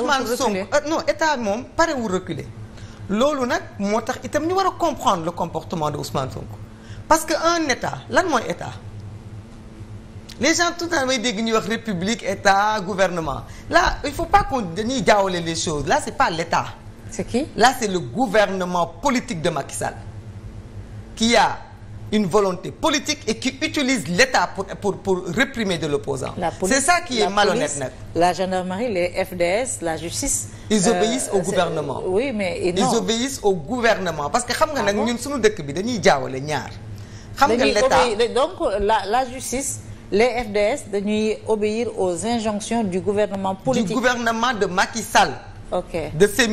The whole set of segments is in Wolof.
Ousmane Sonko euh, non état moom parewul reculer loolu nag moo tax itam ñu war a comprendre le comportement de Ousmane Sonko parce que un état lan mooy état les gens tout le temps may dégg ñuy wax république état gouvernement là il faut pas qu'on dañuy jaawale les choses là c'est pas l'état c'est qui là c'est le gouvernement politique de Macky Sall a une volonté politique et qui utilise l'État pour, pour, pour réprimer de l'opposant. C'est ça qui est malhonnête. Police, la gendarmerie, les FDS, la justice. Ils euh, obéissent au gouvernement. Oui, mais et non. Ils obéissent au gouvernement. Parce que xam nga ah nag ñun suñu dëkk bi dañuy jaawale ñaar. xam nga l'État donc la la justice. les FDS dañuy obéir aux injonctions du gouvernement politique. du gouvernement de Macky sal ok de ses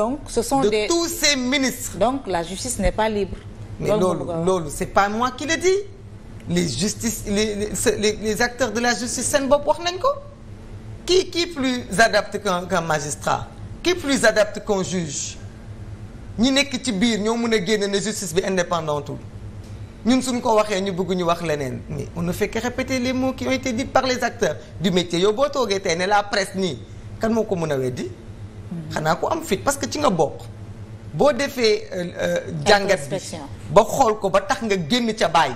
donc ce sont de des de ses ministres. donc la justice n'est pas libre. mais loolu loolu c'est pas moi qui le dis les justice les les les acteurs de la justice seen bopp wax nañ ko qui qui plus adapté qu'un qu'un magistrat qui plus adapté qu'un juge ñi nekk ci biir ñoo mun a génn ne justice bi indépendantul ñun suñ ko waxee ñu bëgg ñu wax leneen mais on ne fait que les mots qui ont été par les acteurs du métier yow boo toogee tey ne la presse nii kan moo ko mën a weddi hmm. xanaa ko am fit parce que ci nga bokk boo defee euh, euh, jàngat bi ba xool ko ba tax nga génn ca bàyyi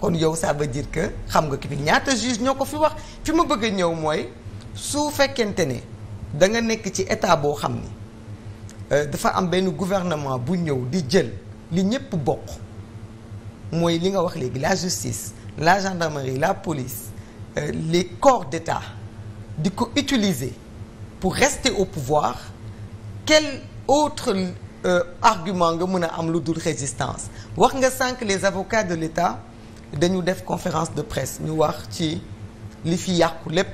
kon yow ça veut dire que xam nga ki fi ñaata juge ñoo ko fi wax fi ma bëgg ñëw mooy su fekkente ne da nga nekk ci état boo xam ni euh, dafa am benn gouvernement bu ñëw di jël li ñëpp bokk mooy li nga wax léegi la justice la gendarmerie la police les corps d'état di ko utiliser pour rester au pouvoir quel autre euh, argument nga mën a am lu dul résistance wax nga sànq les avocats de l'État dañu def conférence de presse ñu wax ci li fi yàqu lépp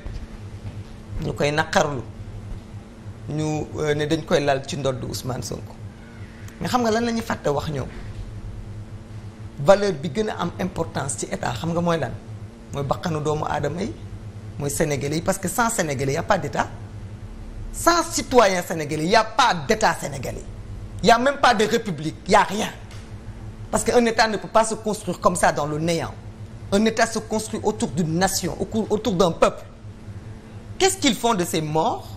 ñu koy naqarlu ñu euh, ne dañ koy lal ci ndodd Ousmane Sonko mais xam nga lan la ñuy fàtte wax ñoom valeur bi gën a am importance ci état xam nga mooy lan mooy bakkanu doomu aadama yi mooy sénégalais yi parce que sans sénégalais y d'état sans citoyen sénégalais il y a pas d'État sénégalais il y a même pas de république il y a rien parce que un État ne peut pas se construire comme ça dans le néant un État se construit autour d'une nation autour d'un peuple qu'est-ce qu'ils font de ces morts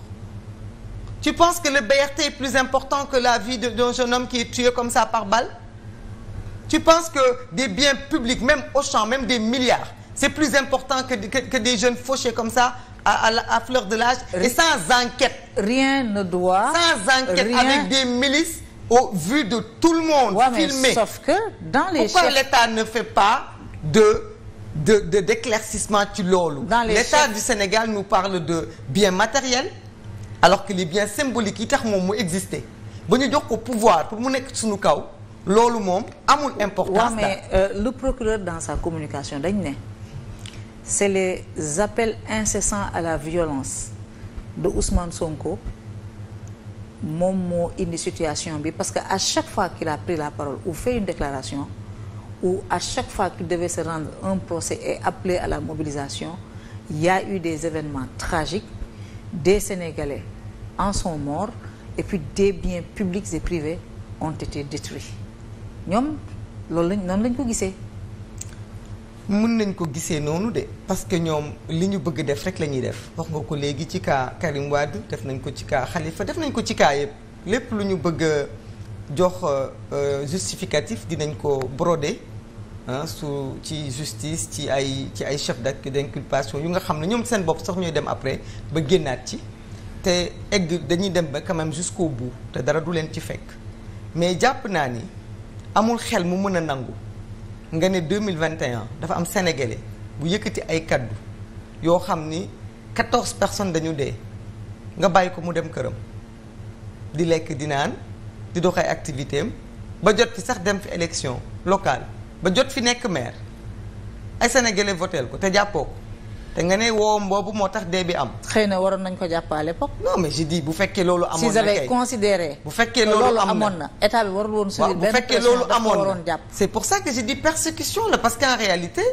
tu penses que le BRT est plus important que la vie d'un jeune homme qui est tué comme ça par balle tu penses que des biens publics même Auchan même des milliards c'est plus important que, que, que des jeunes fauchés comme à la à fleur de l'âge et sans enquête. rien ne doit. sans enquête rien... avec des milices au vu de tout le monde. Ouais, filmé sauf que dans les. pourquoi chefs... l'État ne fait pas de de de d'éclaircissement ci loolu. dans les l'État chefs... du Sénégal nous parle de bien matériels alors que les biens symboliques yi tax moom mu exister ba ñu jox ko pouvoir pour mu nekk suñu kaw loolu moom amul importance. waaw euh, le procureur dans sa communication dañ ne. c'est les appels incessants à la violence de Ousmane Sonko moom moo indi situation bi parce que à chaque fois qu'il a pris la parole ou fait une déclaration ou à chaque fois qu'il devait se rendre un procès et appeler à la mobilisation il y a eu des événements tragiques des Sénégalais en son morts et puis des biens publics et privés ont été détruits ñoom loolu lañ noonu lañ ko gisee mun nañ ko gisee noonu de parce que ñoom li ñu bëgg def rek la ñuy def wax nga ko léegi ci cas Karim Wade def nañ ko ci kaa xalifa def nañ ko ci cas yëpp lépp lu ñu bëgg jox euh, justificatif dinañ ko broder ah su ci justice ci ay ci ay chef d'inculpation yu nga xam ne ñoom seen bopp sax ñooy dem après ba génnaat ci te egg dañuy dem ba quand même jusqu'au bout te dara du leen ci fekk mais jàpp naa ni amul xel mu mën a nangu nga ne deux mille vingt et dafa am sénégalais bu yëkkati ay kaddu yoo xam ni quatorze personnes dañu dee nga bàyyi ko mu dem këram di lekk di naan di dox ay activité am ba jot fi sax dem fi élection locale ba jot fi nekk maire ay sénégalais voteel ko te jàppoo ko te nga ne woom boobu moo tax dee bi am. xëy na waroon nañ ko jàppale pop. non mais je dis bu fekkee loolu. amoon na kay si avaient considéré. bu fekkee loolu amoon na état bi warul woon. subir benn pression dafa waroon jàpp c'est pour ça que je dis persécution la parce qu'en réalité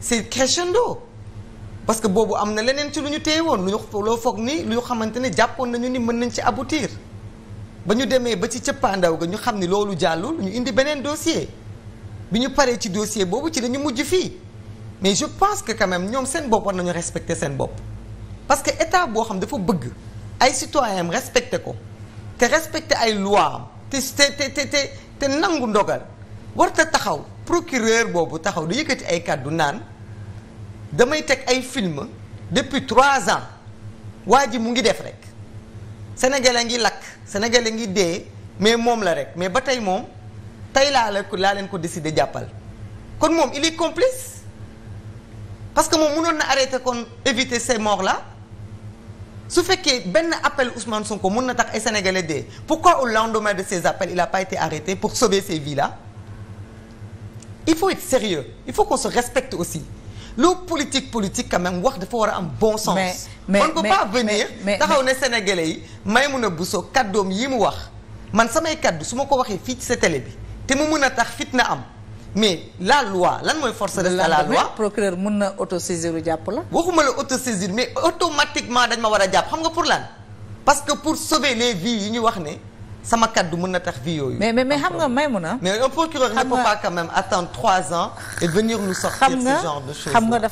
c'est crescendo. parce que boobu am na leneen ci lu ñu téye woon lu ñu loo foog ni lu ñu xamante ne jàppoon nañu ni mën nañ ci aboutir ba ñu demee ba ci cëppaandaw ga ñu xam ni loolu jàllul ñu indi beneen dossier bi ñu paree ci dossier boobu ci la mujj fii. mais je pense que quand même ñoom seen bopp war nañu respecter seen bopp parce que état boo xam dafa bëgg ay citoyens am ko te respecté ay loi am te te te te te nangu ndogal warta taxaw procureur boobu taxaw di yëkkati ay kàddu naan damay teg ay film depuis trois ans waa ji mu ngi def rek sénégalais ngi lakk sénégalais ngi dee mais moom la rek mais ba tey moom tey laa la laa leen ko décidé jàppal kon moom il est complice parce que moom mënoon na arrêté kon éviter ces morts là su fekkee benn appel Ousmane Sonko mën na tax ay sénégalais dee pourquoi au lendemain de ces appels il a pas été arrêté pour sauver ces vies il faut être sérieux il faut qu'on se respecte aussi loo politique politique quand même wax dafa war a am bon sens. mais mais on ne peut pas venir taxaw ne sénégalais yi Maïmouna Bousso kàddoom yi mu wax man samay kàddu su ma ko waxee fii ci sa télé bi te mu mën a tax fit na am. mais la loi lan mooy force reste à la loi procureur mën na autosaisir jàpp la waxuma la autosaisir mais automatiquement dañ ma war a jàpp xam nga pour lan parce que pour sauver les vies yi ñu wax ne sama kaddu mën na tax vie yooyu mais mais xam nga may mun a mais un procureur ne peut pas quand même attendre trois ans et venir nous sortir ce genre de choses xam nga def